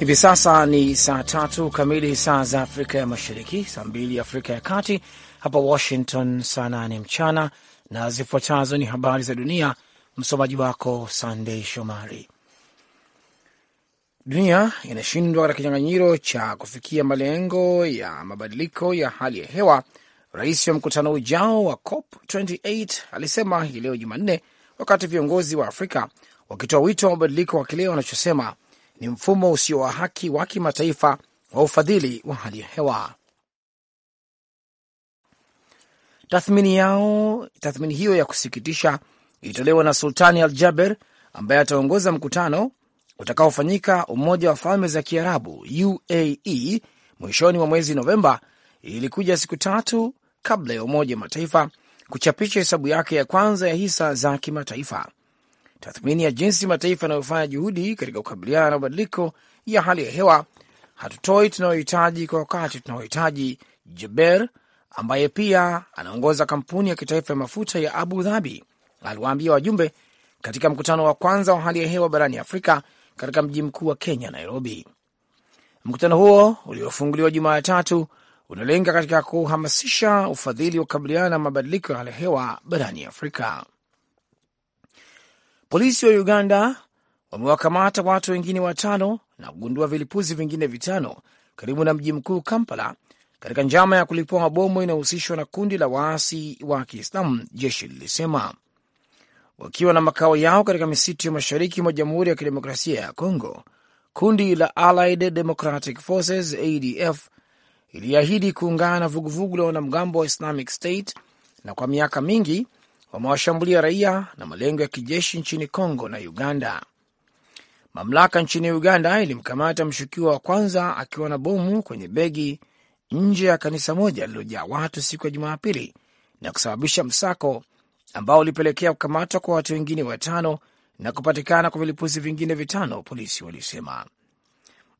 Hivi sasa ni saa tatu kamili saa za Afrika ya Mashariki, saa mbili Afrika ya Kati, hapa Washington saa nane mchana, na zifuatazo ni habari za dunia. Msomaji wako Sandei Shomari. Dunia inashindwa katika kinyang'anyiro cha kufikia malengo ya mabadiliko ya hali ya hewa, rais wa mkutano ujao wa COP 28 alisema hii leo Jumanne, wakati viongozi wa Afrika wakitoa wito wa mabadiliko wa kile wanachosema ni mfumo usio wa haki wa kimataifa wa ufadhili wa hali ya hewa. Tathmini yao, tathmini hiyo ya kusikitisha ilitolewa na Sultani Al Jaber ambaye ataongoza mkutano utakaofanyika Umoja wa Falme za Kiarabu UAE mwishoni mwa mwezi Novemba. Ilikuja siku tatu kabla ya Umoja wa Mataifa kuchapisha hesabu yake ya kwanza ya hisa za kimataifa tathmini ya jinsi mataifa yanayofanya juhudi katika kukabiliana na mabadiliko ya hali ya hewa. Hatutoi tunayohitaji kwa wakati tunaohitaji. Jeber ambaye pia anaongoza kampuni ya kitaifa ya mafuta ya Abu Dhabi aliwaambia wajumbe katika mkutano wa kwanza wa hali ya hewa barani Afrika katika mji mkuu wa Kenya, Nairobi. Mkutano huo uliofunguliwa Jumatatu unalenga katika kuhamasisha ufadhili wa kukabiliana na mabadiliko ya hali ya hewa barani Afrika. Polisi wa Uganda wamewakamata watu wengine watano na kugundua vilipuzi vingine vitano karibu na mji mkuu Kampala, katika njama ya kulipua mabomu inayohusishwa na kundi la waasi wa Kiislamu, jeshi lilisema. Wakiwa na makao yao katika misitu ya mashariki mwa Jamhuri ya Kidemokrasia ya Kongo, kundi la Allied Democratic Forces ADF iliahidi kuungana na vuguvugu la wanamgambo wa Islamic State, na kwa miaka mingi wamewashambulia raia na malengo ya kijeshi nchini congo na Uganda. Mamlaka nchini Uganda ilimkamata mshukiwa wa kwanza akiwa na bomu kwenye begi nje ya kanisa moja lililojaa watu siku ya Jumapili na kusababisha msako ambao ulipelekea kukamatwa kwa watu wengine watano na kupatikana kwa vilipuzi vingine vitano, polisi walisema.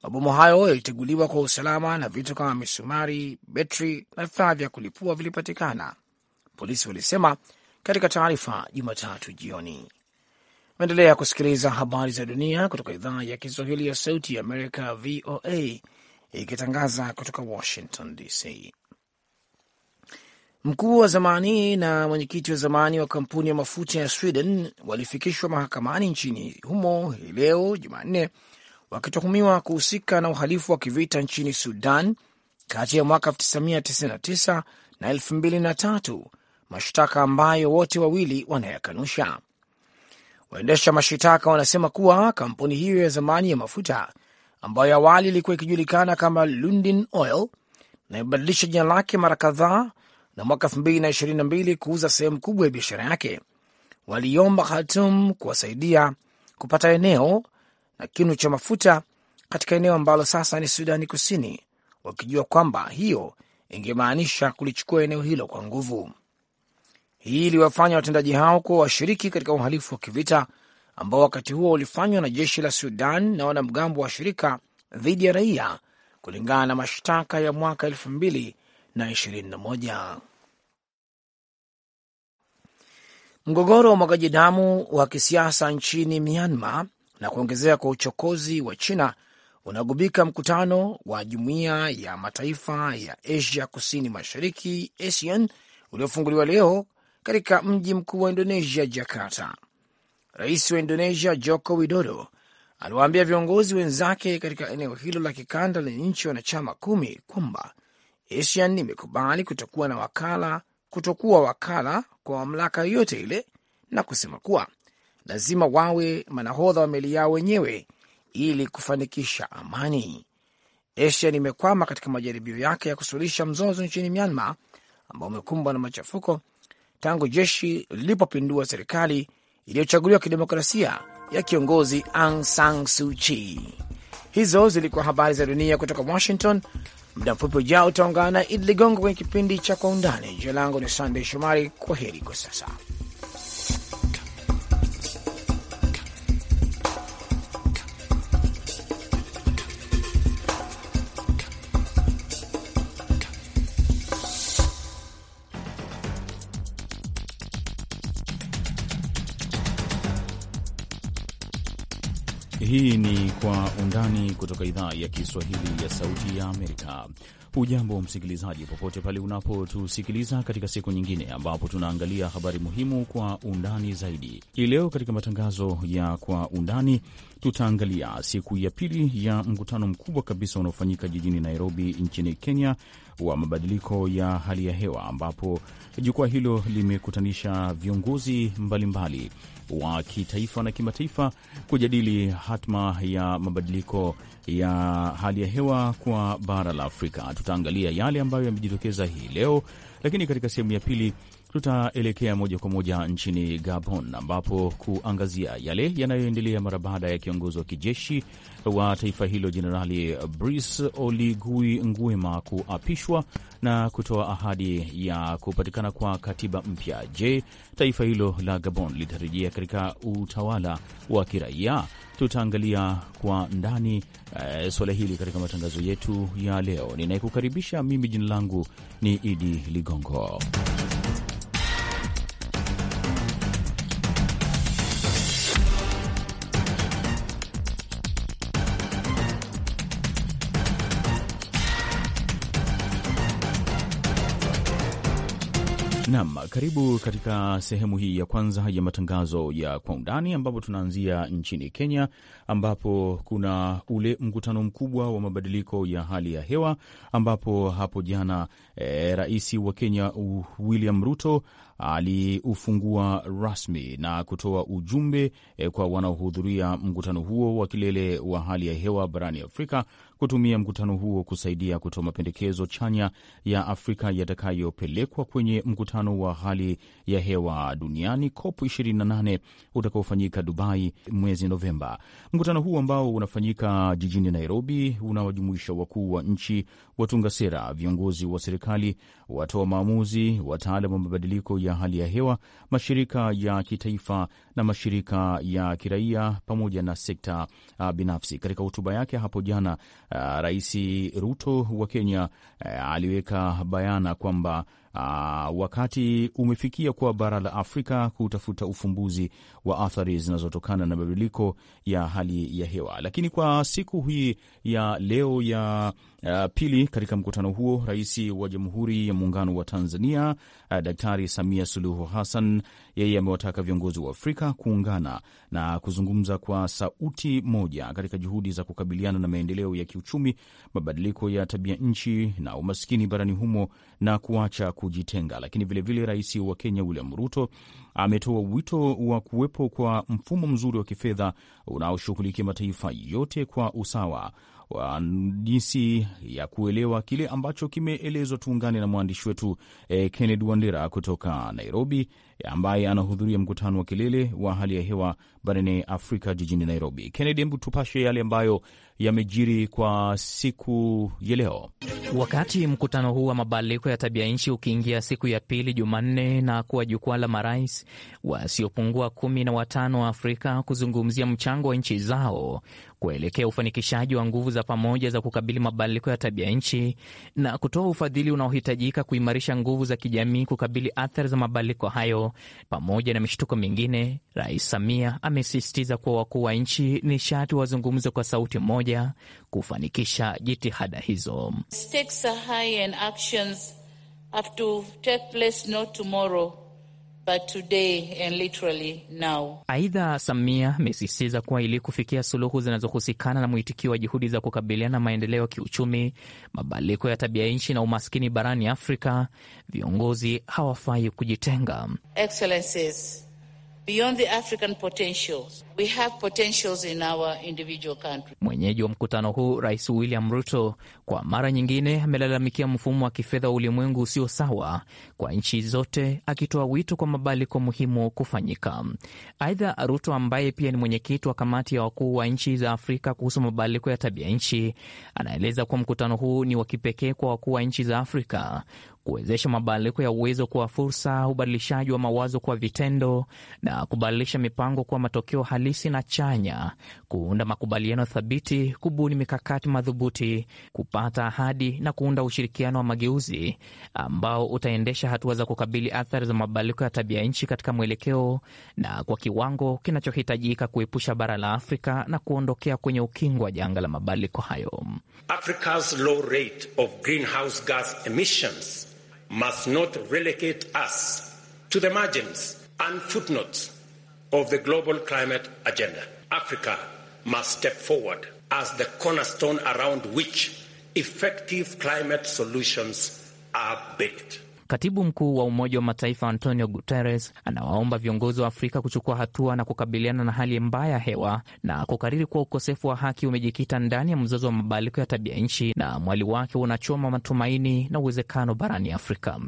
Mabomu hayo yaliteguliwa kwa usalama na vitu kama misumari, betri na vifaa vya kulipua vilipatikana, polisi walisema, katika taarifa Jumatatu jioni. maendelea kusikiliza habari za dunia kutoka idhaa ya Kiswahili ya Sauti ya Amerika, VOA, ikitangaza kutoka Washington DC. Mkuu wa zamani na mwenyekiti wa zamani wa kampuni ya mafuta ya Sweden walifikishwa mahakamani nchini humo hii leo Jumanne wakituhumiwa kuhusika na uhalifu wa kivita nchini Sudan kati ya mwaka 1999 na 2003 mashtaka ambayo wote wawili wanayakanusha. Waendesha mashitaka wanasema kuwa kampuni hiyo ya zamani ya mafuta ambayo awali ilikuwa ikijulikana kama Lundin Oil na imebadilisha jina lake mara kadhaa na mwaka 2022 kuuza sehemu kubwa ya biashara yake, waliomba hatum kuwasaidia kupata eneo na kinu cha mafuta katika eneo ambalo sasa ni Sudani Kusini, wakijua kwamba hiyo ingemaanisha kulichukua eneo hilo kwa nguvu. Hii iliwafanya watendaji hao kuwa washiriki katika uhalifu wa kivita ambao wakati huo ulifanywa na jeshi la Sudan na wanamgambo wa shirika dhidi ya raia, kulingana na mashtaka ya mwaka elfu mbili na ishirini na moja. Mgogoro wa umwagaji damu wa kisiasa nchini Myanmar na kuongezeka kwa uchokozi wa China unagubika mkutano wa Jumuiya ya Mataifa ya Asia Kusini Mashariki, ASEAN, uliofunguliwa leo katika mji mkuu wa Indonesia, Jakarta. Rais wa Indonesia Joko Widodo aliwaambia viongozi wenzake katika eneo hilo la kikanda lenye nchi wanachama kumi kwamba ASEAN imekubali kutokuwa na wakala kutokuwa wakala kwa mamlaka yoyote ile na kusema kuwa lazima wawe manahodha wa meli yao wenyewe ili kufanikisha amani. ASEAN imekwama katika majaribio yake ya kusuluhisha mzozo nchini Myanmar ambao umekumbwa na machafuko tangu jeshi lilipopindua serikali iliyochaguliwa kidemokrasia ya kiongozi Aung San Suu Kyi. Hizo zilikuwa habari za dunia kutoka Washington. Muda mfupi ujao utaungana na Idi Ligongo kwenye kipindi cha Kwa Undani. Jina langu ni Sandey Shomari. Kwa heri kwa sasa. Kwa Undani kutoka idhaa ya Kiswahili ya Sauti ya Amerika. Ujambo msikilizaji, popote pale unapotusikiliza katika siku nyingine ambapo tunaangalia habari muhimu kwa undani zaidi. Hii leo katika matangazo ya Kwa Undani tutaangalia siku ya pili ya mkutano mkubwa kabisa unaofanyika jijini Nairobi nchini Kenya wa mabadiliko ya hali ya hewa, ambapo jukwaa hilo limekutanisha viongozi mbalimbali wa kitaifa na kimataifa kujadili hatma ya mabadiliko ya hali ya hewa kwa bara la Afrika. Tutaangalia yale ambayo yamejitokeza hii leo, lakini katika sehemu ya pili Tutaelekea moja kwa moja nchini Gabon ambapo kuangazia yale yanayoendelea mara baada ya kiongozi wa kijeshi wa taifa hilo Jenerali Brice Oligui Nguema kuapishwa na kutoa ahadi ya kupatikana kwa katiba mpya. Je, taifa hilo la Gabon litarejea katika utawala wa kiraia? Tutaangalia kwa ndani e, eh, suala hili katika matangazo yetu ya leo. Ninayekukaribisha mimi, jina langu ni Idi Ligongo. Nam, karibu katika sehemu hii ya kwanza ya matangazo ya kwa undani, ambapo tunaanzia nchini Kenya, ambapo kuna ule mkutano mkubwa wa mabadiliko ya hali ya hewa, ambapo hapo jana e, rais wa Kenya William Ruto aliufungua rasmi na kutoa ujumbe e, kwa wanaohudhuria mkutano huo wa kilele wa hali ya hewa barani Afrika kutumia mkutano huo kusaidia kutoa mapendekezo chanya ya Afrika yatakayopelekwa kwenye mkutano wa hali ya hewa duniani COP 28 utakaofanyika Dubai mwezi Novemba. Mkutano huu ambao unafanyika jijini Nairobi unawajumuisha wakuu wa nchi, watunga sera, viongozi wa serikali, watoa maamuzi, wataalam wa mabadiliko ya hali ya hewa, mashirika ya kitaifa na mashirika ya kiraia pamoja na sekta ah, binafsi. Katika hotuba yake hapo jana Rais Ruto wa Kenya eh, aliweka bayana kwamba Aa, ah, wakati umefikia kwa bara la Afrika kutafuta ufumbuzi wa athari zinazotokana na mabadiliko ya hali ya hewa. Lakini kwa siku hii ya leo ya uh, pili katika mkutano huo, Rais wa Jamhuri ya Muungano wa Tanzania uh, Daktari Samia Suluhu Hassan yeye amewataka viongozi wa Afrika kuungana na kuzungumza kwa sauti moja katika juhudi za kukabiliana na maendeleo ya kiuchumi, mabadiliko ya tabia nchi na umaskini barani humo na kuacha kujitenga. Lakini vilevile rais wa Kenya William Ruto ametoa wito wa kuwepo kwa mfumo mzuri wa kifedha unaoshughulikia mataifa yote kwa usawa wa jinsi ya kuelewa kile ambacho kimeelezwa. Tuungane na mwandishi wetu eh, Kennedy Wandera kutoka Nairobi ambaye anahudhuria mkutano wa kilele wa hali ya hewa barani Afrika jijini Nairobi. Kennedy, hebu tupashe yale ambayo yamejiri kwa siku ya leo. Wakati mkutano huu wa mabadiliko ya tabia nchi ukiingia siku ya pili Jumanne na kuwa jukwaa la marais wasiopungua kumi na watano wa Afrika kuzungumzia mchango wa nchi zao, kuelekea ufanikishaji wa nguvu za pamoja za kukabili mabadiliko ya tabia nchi na kutoa ufadhili unaohitajika kuimarisha nguvu za kijamii kukabili athari za mabadiliko hayo pamoja na mishtuko mingine. Rais Samia amesisitiza kuwa wakuu wa nchi ni sharti wazungumze kwa sauti moja kufanikisha jitihada hizo. Stakes are high and actions have to take place not tomorrow Aidha, Samia amesisitiza kuwa ili kufikia suluhu zinazohusikana na mwitikio wa juhudi za kukabiliana na maendeleo ya kiuchumi, mabadiliko ya tabia nchi na umaskini barani Afrika, viongozi hawafai kujitenga. Excellencies. Mwenyeji wa mkutano huu Rais William Ruto kwa mara nyingine amelalamikia mfumo wa kifedha wa ulimwengu usio sawa kwa nchi zote, akitoa wito kwa mabadiliko muhimu kufanyika. Aidha, Ruto ambaye pia ni mwenyekiti wa kamati ya wakuu wa nchi za Afrika kuhusu mabadiliko ya tabia nchi, anaeleza kuwa mkutano huu ni wa kipekee kwa wakuu wa nchi za Afrika kuwezesha mabadiliko ya uwezo kuwa fursa, ubadilishaji wa mawazo kwa vitendo, na kubadilisha mipango kuwa matokeo halisi na chanya, kuunda makubaliano thabiti, kubuni mikakati madhubuti, kupata ahadi na kuunda ushirikiano wa mageuzi ambao utaendesha hatua za kukabili athari za mabadiliko ya tabia nchi katika mwelekeo na kwa kiwango kinachohitajika kuepusha bara la Afrika na kuondokea kwenye ukingo wa janga la mabadiliko hayo. must not relegate us to the margins and footnotes of the global climate agenda. Africa must step forward as the cornerstone around which effective climate solutions are built. Katibu mkuu wa Umoja wa Mataifa Antonio Guterres anawaomba viongozi wa Afrika kuchukua hatua na kukabiliana na hali mbaya ya hewa na kukariri kuwa ukosefu wa haki umejikita ndani ya mzozo wa mabadiliko ya tabia nchi na mwali wake unachoma matumaini na uwezekano barani Afrika.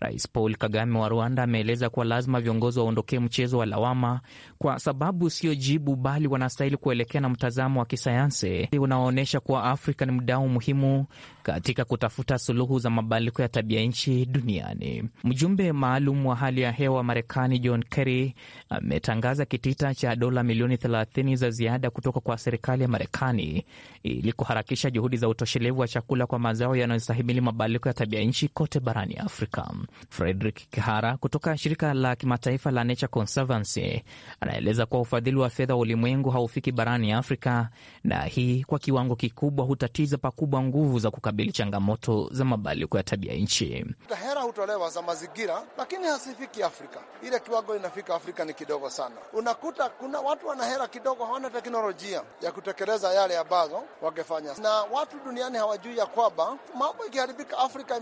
Rais Paul Kagame wa Rwanda ameeleza kuwa lazima viongozi waondokee mchezo wa lawama kwa sababu sio jibu, bali wanastahili kuelekea na mtazamo wa kisayansi unaoonyesha kuwa Afrika ni mdau muhimu katika kutafuta suluhu za mabadiliko ya tabia nchi duniani. Mjumbe maalum wa hali ya hewa wa Marekani John Kerry ametangaza kitita cha dola milioni 30 za ziada kutoka kwa serikali ya Marekani ili kuharakisha juhudi za utoshelevu wa chakula kwa mazao yanayostahimili mabadiliko ya tabia nchi kote barani Afrika. Frederick Kihara kutoka shirika la kimataifa la Nature Conservancy anaeleza kuwa ufadhili wa fedha wa ulimwengu haufiki barani Afrika, na hii kwa kiwango kikubwa hutatiza pakubwa nguvu za kukabiliana kukabili changamoto za mabadiliko ya tabia nchi. Hera hutolewa za mazingira, lakini hasifiki Afrika. Ile kiwango inafika Afrika ni kidogo sana. Unakuta kuna watu wana hera kidogo, hawana teknolojia ya kutekeleza yale ambazo wangefanya, na watu duniani hawajui ya kwamba mambo ikiharibika Afrika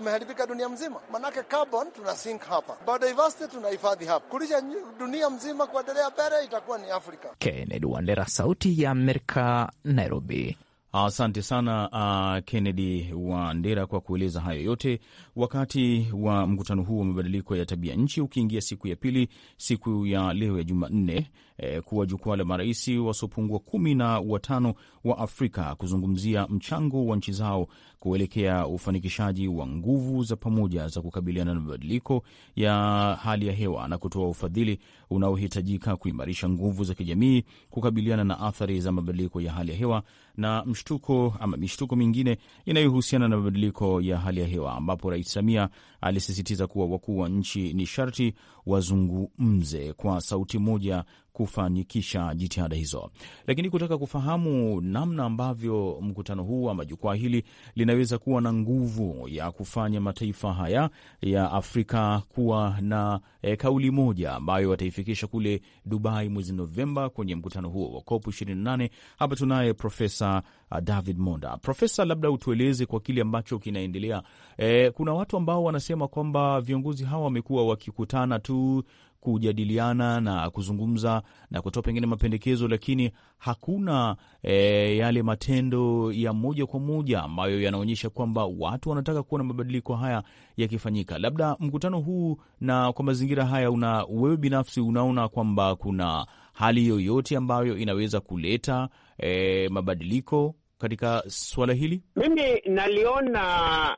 imeharibika dunia mzima, manake carbon tuna sink hapa, biodiversity tunahifadhi hapa, kulisha dunia mzima kuendelea mbele itakuwa ni Afrika. Kennedy Wandera, Sauti ya Amerika, Nairobi. Asante sana uh, Kennedy Wandera kwa kueleza hayo yote. Wakati wa mkutano huu wa mabadiliko ya tabia nchi ukiingia siku ya pili, siku ya leo ya Jumanne, eh, kuwa jukwaa la marais wasiopungua kumi na watano wa Afrika kuzungumzia mchango wa nchi zao kuelekea ufanikishaji wa nguvu za pamoja za kukabiliana na mabadiliko ya hali ya hewa na kutoa ufadhili unaohitajika kuimarisha nguvu za kijamii kukabiliana na athari za mabadiliko ya hali ya hewa na mshtuko ama mishtuko mingine inayohusiana na mabadiliko ya hali ya hewa, ambapo Rais Samia alisisitiza kuwa wakuu wa nchi ni sharti wazungumze kwa sauti moja kufanikisha jitihada hizo. Lakini kutaka kufahamu namna ambavyo mkutano huu ama jukwaa hili linaweza kuwa na nguvu ya kufanya mataifa haya ya Afrika kuwa na e, kauli moja ambayo wataifikisha kule Dubai mwezi Novemba kwenye mkutano huo wa COP 28. Hapa tunaye Profesa uh, David Monda. Profesa, labda utueleze kwa kile ambacho kinaendelea. E, kuna watu ambao wanasema kwamba viongozi hawa wamekuwa wakikutana tu kujadiliana na kuzungumza na kutoa pengine mapendekezo, lakini hakuna e, yale matendo ya moja kwa moja ambayo yanaonyesha kwamba watu wanataka kuona mabadiliko haya yakifanyika. Labda mkutano huu na kwa mazingira haya, una wewe binafsi unaona kwamba kuna hali yoyote ambayo inaweza kuleta e, mabadiliko katika suala hili? Mimi naliona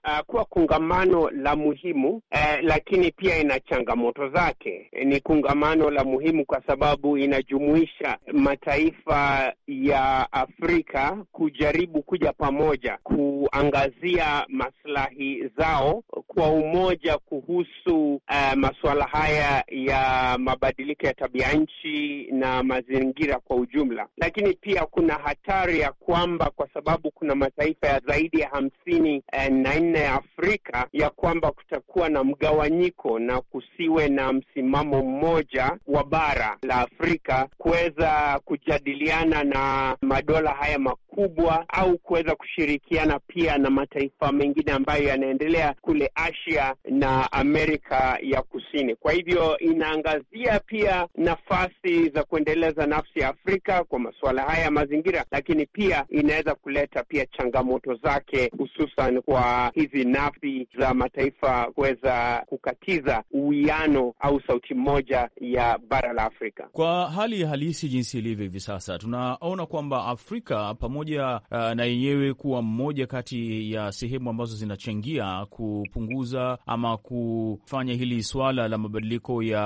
uh, kuwa kungamano la muhimu uh, lakini pia ina changamoto zake. Ni kungamano la muhimu kwa sababu inajumuisha mataifa ya Afrika kujaribu kuja pamoja kuangazia maslahi zao kwa umoja kuhusu uh, masuala haya ya mabadiliko ya tabia nchi na mazingira kwa ujumla, lakini pia kuna hatari ya kwamba kwa sababu kuna mataifa ya zaidi ya hamsini eh, na nne ya Afrika, ya kwamba kutakuwa na mgawanyiko na kusiwe na msimamo mmoja wa bara la Afrika kuweza kujadiliana na madola haya makubwa kubwa au kuweza kushirikiana pia na mataifa mengine ambayo yanaendelea kule Asia na Amerika ya Kusini. Kwa hivyo inaangazia pia nafasi za kuendeleza nafsi ya Afrika kwa masuala haya ya mazingira, lakini pia inaweza kuleta pia changamoto zake, hususan kwa hizi nafsi za mataifa kuweza kukatiza uwiano au sauti moja ya bara la Afrika. Kwa hali halisi jinsi ilivyo hivi sasa, tunaona kwamba Afrika pamoja pamoja uh, na yenyewe kuwa mmoja kati ya sehemu ambazo zinachangia kupunguza ama kufanya hili swala la mabadiliko ya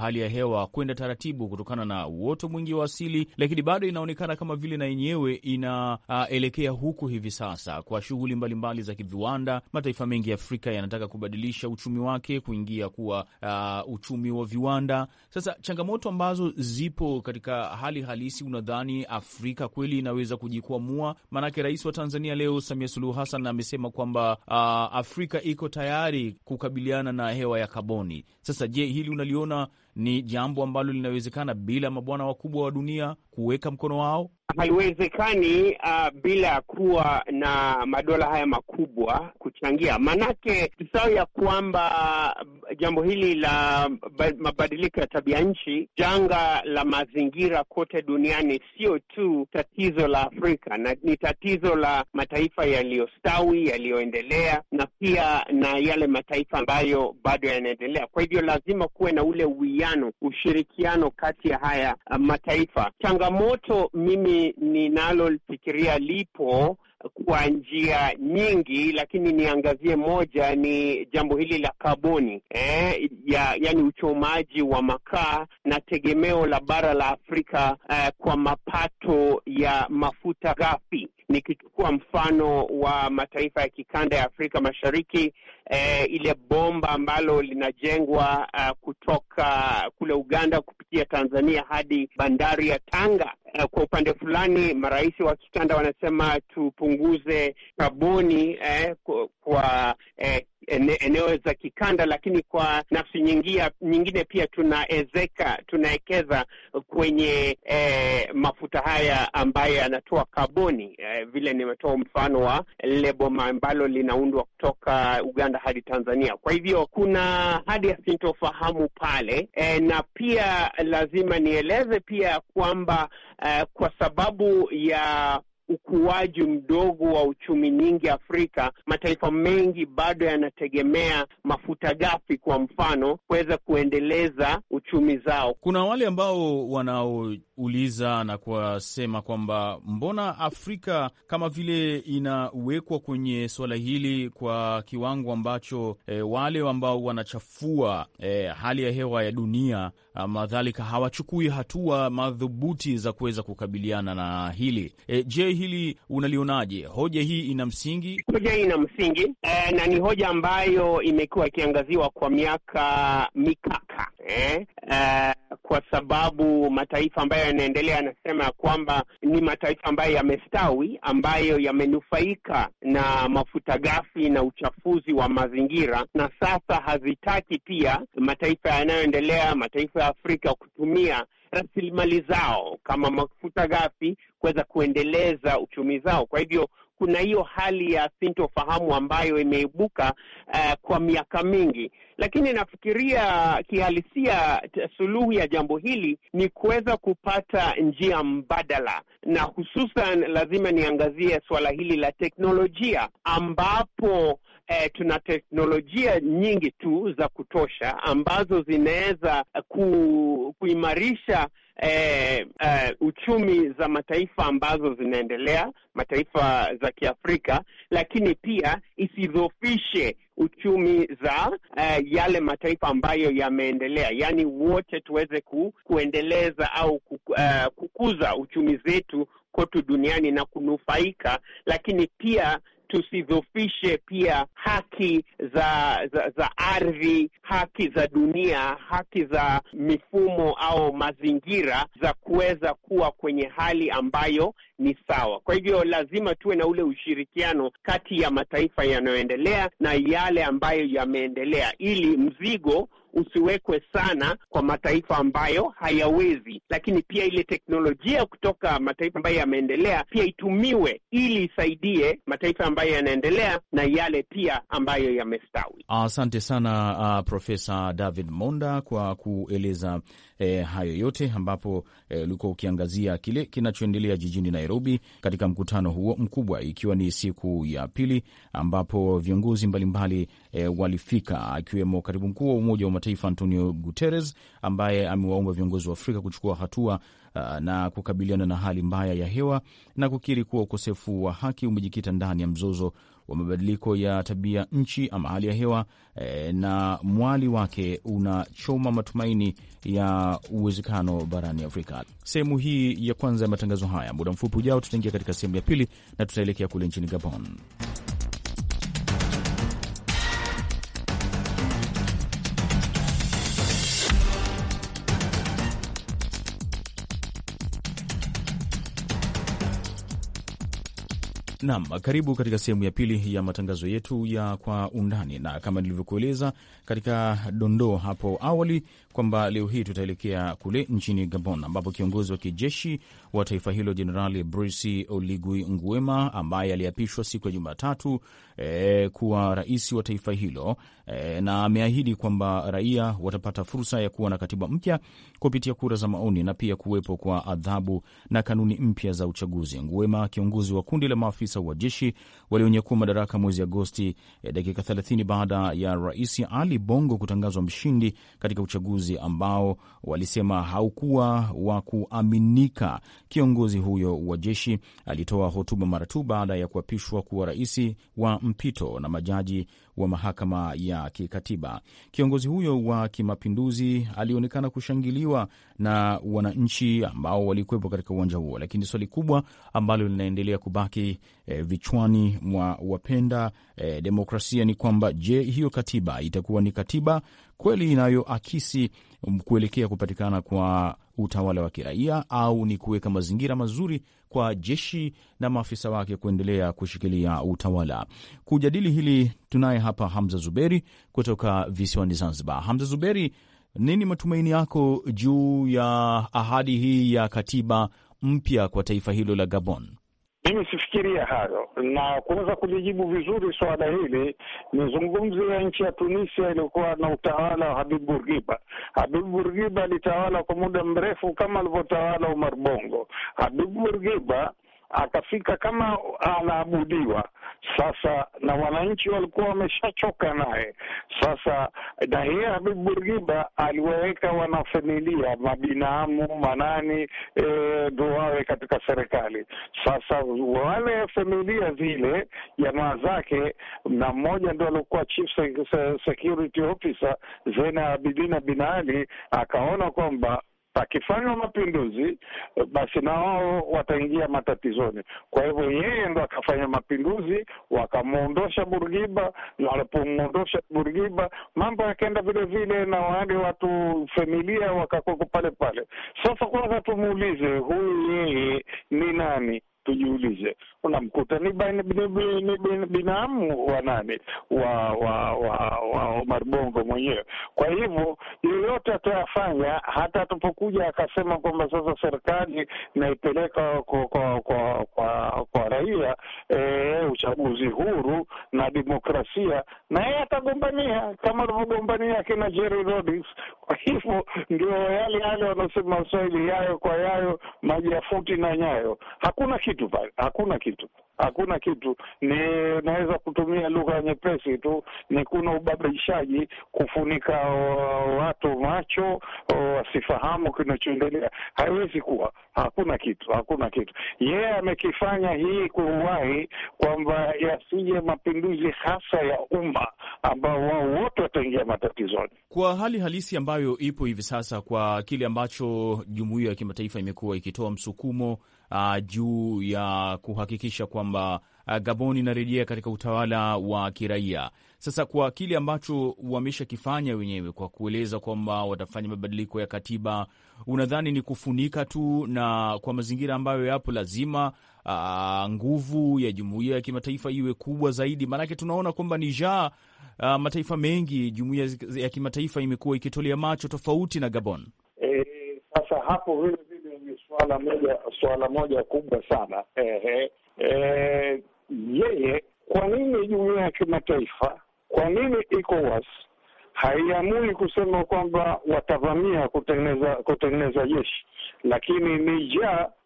hali ya hewa kwenda taratibu kutokana na uoto mwingi wa asili, lakini bado inaonekana kama vile na yenyewe inaelekea uh, huku hivi sasa kwa shughuli mbalimbali za kiviwanda. Mataifa mengi ya Afrika yanataka kubadilisha uchumi wake kuingia kuwa uh, uchumi wa viwanda. Sasa changamoto ambazo zipo katika hali halisi, unadhani Afrika kweli inaweza kujikua kuamua? Maanake rais wa Tanzania leo Samia Suluhu Hassan amesema kwamba uh, Afrika iko tayari kukabiliana na hewa ya kaboni. Sasa je, hili unaliona ni jambo ambalo linawezekana bila mabwana wakubwa wa dunia kuweka mkono wao? haiwezekani uh, bila ya kuwa na madola haya makubwa kuchangia. Maanake tusahau ya kwamba uh, jambo hili la mabadiliko ya tabia nchi, janga la mazingira kote duniani, sio tu tatizo la Afrika na ni tatizo la mataifa yaliyostawi, yaliyoendelea na pia na yale mataifa ambayo bado yanaendelea. Kwa hivyo lazima kuwe na ule uwiano, ushirikiano kati ya haya uh, mataifa. Changamoto mimi ninalolifikiria lipo kwa njia nyingi, lakini niangazie moja, ni jambo hili la kaboni eh, ya, yani uchomaji wa makaa na tegemeo la bara la Afrika eh, kwa mapato ya mafuta ghafi nikichukua mfano wa mataifa ya kikanda ya Afrika Mashariki, eh, ile bomba ambalo linajengwa uh, kutoka kule Uganda kupitia Tanzania hadi bandari ya Tanga. Uh, kwa upande fulani marais wa kikanda wanasema tupunguze kaboni eh, kwa eh, ene, eneo za kikanda, lakini kwa nafsi nyingia, nyingine pia tunaezeka tunaekeza kwenye eh, mafuta haya ambayo yanatoa kaboni eh, vile nimetoa mfano wa boma ambalo linaundwa kutoka Uganda hadi Tanzania. Kwa hivyo kuna hadi ya sintofahamu pale eh, na pia lazima nieleze pia kwamba eh, kwa sababu ya ukuaji mdogo wa uchumi nyingi Afrika, mataifa mengi bado yanategemea mafuta ghafi, kwa mfano, kuweza kuendeleza uchumi zao. Kuna wale ambao wanaouliza na kuwasema kwamba mbona Afrika kama vile inawekwa kwenye suala hili kwa kiwango ambacho e, wale ambao wanachafua e, hali ya hewa ya dunia madhalika hawachukui hatua madhubuti za kuweza kukabiliana na hili e, je, hili unalionaje? Hoja hii ina msingi? Hoja hii ina msingi e, na ni hoja ambayo imekuwa ikiangaziwa kwa miaka mikaka e, e, kwa sababu mataifa ambayo yanaendelea yanasema ya kwamba ni mataifa ambayo yamestawi, ambayo yamenufaika na mafuta ghafi na uchafuzi wa mazingira, na sasa hazitaki pia mataifa yanayoendelea, mataifa ya Afrika kutumia rasilimali zao kama mafuta ghafi kuweza kuendeleza uchumi zao. Kwa hivyo kuna hiyo hali ya sintofahamu ambayo imeibuka uh, kwa miaka mingi, lakini nafikiria kihalisia suluhu ya jambo hili ni kuweza kupata njia mbadala, na hususan lazima niangazie suala hili la teknolojia ambapo E, tuna teknolojia nyingi tu za kutosha ambazo zinaweza ku, kuimarisha eh, eh, uchumi za mataifa ambazo zinaendelea, mataifa za Kiafrika, lakini pia isidhofishe uchumi za uh, yale mataifa ambayo yameendelea, yaani wote tuweze ku, kuendeleza au kuku, eh, kukuza uchumi zetu kote duniani na kunufaika, lakini pia tusidhofishe pia haki za, za, za ardhi, haki za dunia, haki za mifumo au mazingira za kuweza kuwa kwenye hali ambayo ni sawa. Kwa hivyo lazima tuwe na ule ushirikiano kati ya mataifa yanayoendelea na yale ambayo yameendelea, ili mzigo usiwekwe sana kwa mataifa ambayo hayawezi, lakini pia ile teknolojia kutoka mataifa ambayo yameendelea pia itumiwe ili isaidie mataifa ambayo yanaendelea na yale pia ambayo yamestawi. Asante sana uh, Profesa David Monda kwa kueleza eh, hayo yote ambapo Eh, ulikuwa e, ukiangazia kile kinachoendelea jijini Nairobi katika mkutano huo mkubwa, ikiwa ni siku ya pili ambapo viongozi mbalimbali e, walifika, akiwemo katibu mkuu wa Umoja wa Mataifa Antonio Guterres ambaye amewaomba viongozi wa Afrika kuchukua hatua Ah, na kukabiliana na hali mbaya ya hewa na kukiri kuwa ukosefu wa haki umejikita ndani ya mzozo wa mabadiliko ya tabia nchi ama hali ya hewa e, na mwali wake unachoma matumaini ya uwezekano barani Afrika. Sehemu hii ya kwanza ya matangazo haya. Muda mfupi ujao, tutaingia katika sehemu ya pili na tutaelekea kule nchini Gabon. Naam, karibu katika sehemu ya pili ya matangazo yetu ya kwa undani, na kama nilivyokueleza katika dondoo hapo awali kwamba leo hii tutaelekea kule nchini Gabon ambapo kiongozi wa kijeshi wa taifa hilo Jenerali Brice Oligui Nguema ambaye aliapishwa siku ya Jumatatu e, kuwa rais wa taifa hilo e, na ameahidi kwamba raia watapata fursa ya kuwa na katiba mpya kupitia kura za maoni na pia kuwepo kwa adhabu na kanuni mpya za uchaguzi. Nguema, kiongozi wa kundi la maafisa wa jeshi walionyakua madaraka mwezi Agosti, e, dakika 30 baada ya rais Ali Bongo kutangazwa mshindi katika uchaguzi ambao walisema haukuwa wa kuaminika. Kiongozi huyo wa jeshi alitoa hotuba mara tu baada ya kuapishwa kuwa rais wa mpito na majaji wa mahakama ya kikatiba. Kiongozi huyo wa kimapinduzi alionekana kushangiliwa na wananchi ambao walikuwepo katika uwanja huo, lakini swali kubwa ambalo linaendelea kubaki e, vichwani mwa wapenda e, demokrasia ni kwamba je, hiyo katiba itakuwa ni katiba kweli inayoakisi kuelekea kupatikana kwa utawala wa kiraia au ni kuweka mazingira mazuri kwa jeshi na maafisa wake kuendelea kushikilia utawala. Kujadili hili tunaye hapa Hamza Zuberi kutoka visiwani Zanzibar. Hamza Zuberi, nini matumaini yako juu ya ahadi hii ya katiba mpya kwa taifa hilo la Gabon? Mimi sifikiria hayo. Na kuweza kulijibu vizuri swala hili, ya nchi ya Tunisia iliyokuwa na utawala wa Habib Burgiba. Habib Burgiba alitawala kwa muda mrefu kama alivyotawala Umar Bongo. Habib Burgiba akafika kama anaabudiwa sasa, na wananchi walikuwa wameshachoka naye sasa. Na yeye Habibu Burgiba aliwaweka wanafamilia, mabinamu, manani ndo e, wawe katika serikali. Sasa wale familia zile jamaa zake, na mmoja ndo aliokuwa chief security officer Zena Abidina Bin akaona kwamba Pakifanywa mapinduzi, eh, basi na wao wataingia matatizoni. Kwa hivyo, yeye ndo akafanya mapinduzi, wakamwondosha Burgiba, na walipomwondosha Burgiba mambo yakaenda vile vile, na wale watu familia wakakoko pale pale. Sasa kwanza tumuulize huyu yeye ni nani? tujiulize, unamkuta ni binamu wa nani wa wa wa Omar Bongo mwenyewe. Kwa hivyo yoyote atayafanya, hata atapokuja akasema kwamba sasa serikali naipeleka kwa kwa kwa, kwa, kwa raia e, uchaguzi huru na demokrasia, na yeye atagombania kama alivyogombania akina Jerry Rhodes. Kwa hivyo ndio yale yale wanasema Waswahili, yayo kwa yayo maji ya futi na nyayo, hakuna kitu kitu hakuna kitu hakuna kitu, ni naweza kutumia lugha nyepesi tu, ni kuna ubabaishaji, kufunika uh, watu macho uh, wasifahamu kinachoendelea. Haiwezi kuwa, hakuna kitu, hakuna kitu. Yeye amekifanya hii kuwahi kwamba yasije mapinduzi hasa ya umma ambao wao wote wataingia matatizoni, kwa hali halisi ambayo ipo hivi sasa, kwa kile ambacho jumuiya ya kimataifa imekuwa ikitoa msukumo uh, juu ya kuhakikisha kwa kwamba uh, Gabon inarejea katika utawala wa kiraia. Sasa kwa kile ambacho wameshakifanya wenyewe kwa kueleza kwamba watafanya mabadiliko ya katiba, unadhani ni kufunika tu, na kwa mazingira ambayo yapo lazima aa, uh, nguvu ya jumuiya ya kimataifa iwe kubwa zaidi? Maanake tunaona kwamba Niger, uh, mataifa mengi, jumuiya ya kimataifa imekuwa ikitolea macho tofauti na Gabon. E, sasa hapo vile vile ni swala moja, swala moja kubwa sana ehe. Eh, yeye, kwa nini jumuiya ya kimataifa, kwa nini ECOWAS haiamui kusema kwamba watavamia kutengeneza kutengeneza jeshi, lakini ni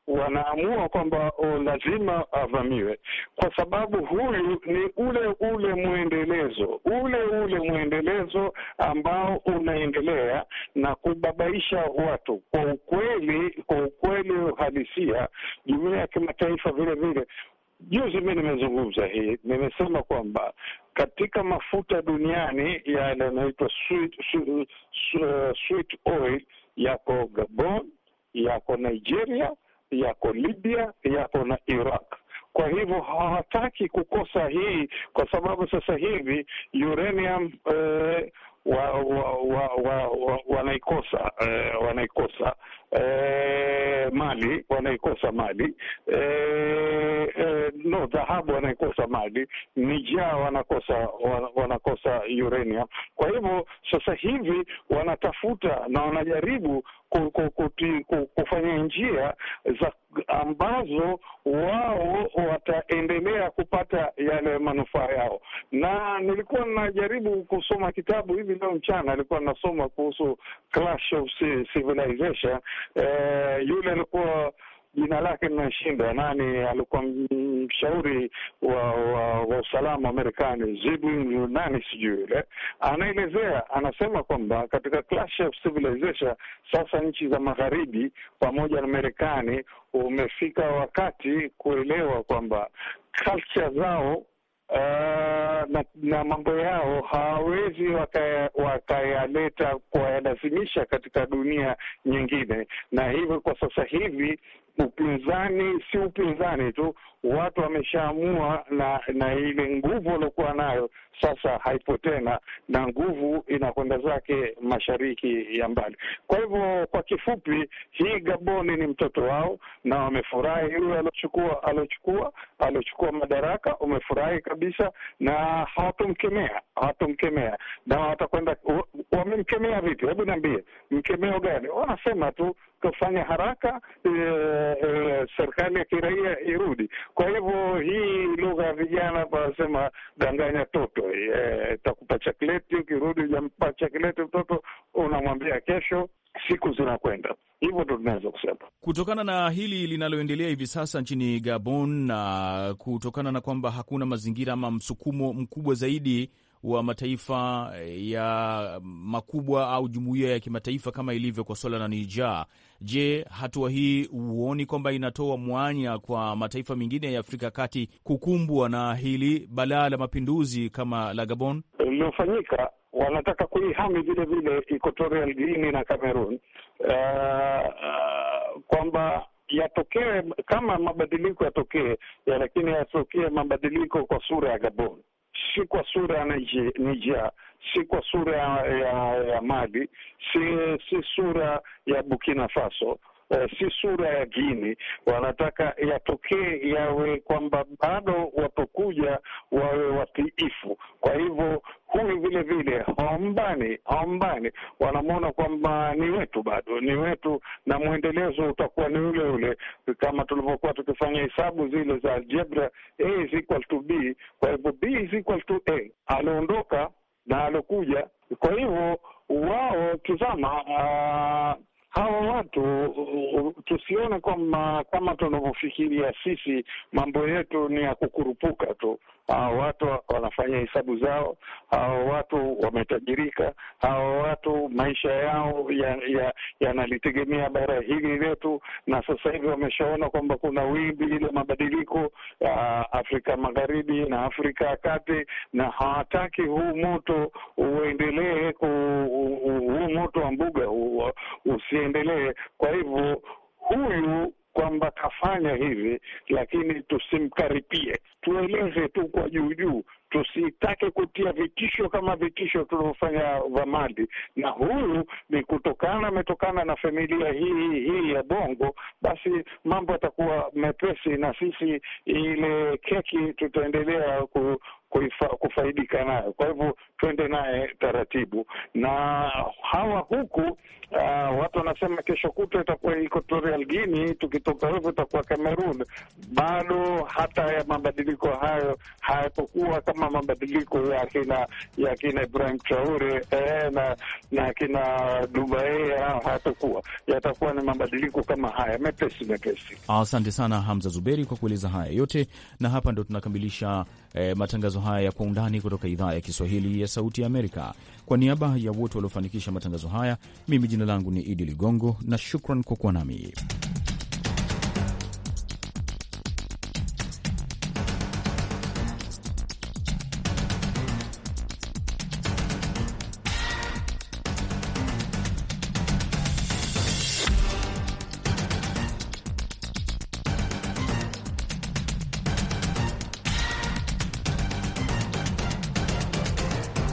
wanaamua kwamba oh, lazima avamiwe, kwa sababu huyu ni ule ule mwendelezo ule ule mwendelezo ambao unaendelea na kubabaisha watu. Kwa ukweli, kwa ukweli uhalisia, jumuiya ya kimataifa vile vile Juzi mi nimezungumza hii, nimesema kwamba katika mafuta duniani yale yanaitwa sweet, sweet, uh, sweet oil yako Gabon, yako Nigeria, yako Libya, yako na Iraq. Kwa hivyo hawataki kukosa hii, kwa sababu sasa hivi uranium eh, wanaikosa wa, wa, wa, wa, wa eh, wanaikosa e, mali wanaikosa mali e, e, no dhahabu wanaikosa mali, jaa wanakosa wanakosa uranium. Kwa hivyo sasa hivi wanatafuta na wanajaribu kufanya njia za ambazo wao wataendelea kupata yale manufaa yao. Na nilikuwa najaribu kusoma kitabu hivi leo mchana, nilikuwa nasoma kuhusu Clash of Civilization eh, yule alikuwa jina lake linashinda nani, alikuwa mshauri wa wa, wa usalama wa Marekani zibu nani sijui yule, anaelezea anasema kwamba katika clash of civilization, sasa nchi za magharibi pamoja na Marekani umefika wakati kuelewa kwamba culture zao Eh, na, na mambo yao hawawezi wakayaleta waka kuwalazimisha katika dunia nyingine, na hivyo kwa sasa hivi upinzani si upinzani tu, watu wameshaamua, na na ile nguvu waliokuwa nayo sasa haipo tena, na nguvu inakwenda zake mashariki ya mbali. Kwa hivyo, kwa kifupi, hii Gaboni ni mtoto wao na wamefurahi. Yule aliochukua aliochukua aliochukua madaraka wamefurahi kabisa, na hawatomkemea, hawatomkemea na watakwenda. Wamemkemea vipi? Hebu niambie, mkemeo gani? Wanasema tu tufanye haraka e, e, serikali ya kiraia irudi. Kwa hivyo hii lugha ya vijana wanasema danganya toto, eh, itakupa e, chakleti, ukirudi ujampa chakleti mtoto, unamwambia kesho siku zinakwenda hivyo, ndo tunaweza kusema kutokana na hili linaloendelea hivi sasa nchini Gabon, na kutokana na kwamba hakuna mazingira ama msukumo mkubwa zaidi wa mataifa eh, ya makubwa au jumuiya ya kimataifa kama ilivyo kwa swala la Niger. Je, hatua hii huoni kwamba inatoa mwanya kwa mataifa mengine ya Afrika kati kukumbwa na hili balaa la mapinduzi kama la Gabon iliyofanyika? Wanataka kuihami vile vile Equatorial Guinea na Cameroon, uh, uh, kwamba yatokee kama mabadiliko yatokee ya, lakini yatokee mabadiliko kwa sura ya Gabon si kwa sura ya Nija, si kwa sura ya, ya, ya Mali, si, si sura ya Burkina Faso Eh, si sura ya Gini, Wanataka yatokee yawe kwamba bado wapokuja wawe watiifu. Kwa hivyo huyu vile vile haombani, haombani, wanamwona kwamba ni wetu, bado ni wetu, na mwendelezo utakuwa ni ule ule kama tulivyokuwa tukifanya hesabu zile za algebra, a is equal to b. Kwa hivyo b is equal to a, aliondoka na alokuja. Kwa hivyo wao, tizama ah, hawa watu tusione kwamba kama tunavyofikiria sisi mambo yetu ni ya kukurupuka tu. Hawa watu wanafanya hesabu zao, hawa watu wametajirika, hawa watu maisha yao yanalitegemea ya, ya bara hili letu, na sasa hivi wameshaona kwamba kuna wimbi ile mabadiliko ya Afrika Magharibi na Afrika ya Kati, na hawataki huu moto uendelee, huu moto wa mbuga usi iendelee. Kwa hivyo huyu kwamba kafanya hivi, lakini tusimkaripie, tueleze tu kwa juu juu, tusitake kutia vitisho kama vitisho tulivyofanya Vamadi. Na huyu ni kutokana, ametokana na familia hii hii ya Bongo, basi mambo yatakuwa mepesi, na sisi ile keki tutaendelea kuifa, kufaidika nayo. Kwa hivyo twende naye taratibu, na hawa huku uh, watu wanasema kesho kutwa itakuwa Equatorial Guinea, tukitoka hivyo itakuwa Cameroon. Bado hata ya mabadiliko hayo hayapokuwa kama mabadiliko ya kina ya kina Ibrahim Traore eh, na na kina Dubai hayatakuwa, yatakuwa ni mabadiliko kama haya mepesi mepesi. Asante sana Hamza Zuberi kwa kueleza haya yote, na hapa ndo tunakamilisha e, matangazo haya ya kwa undani kutoka idhaa ya Kiswahili ya Sauti ya Amerika. Kwa niaba ya wote waliofanikisha matangazo haya, mimi jina langu ni Idi Ligongo na shukran kwa kuwa nami.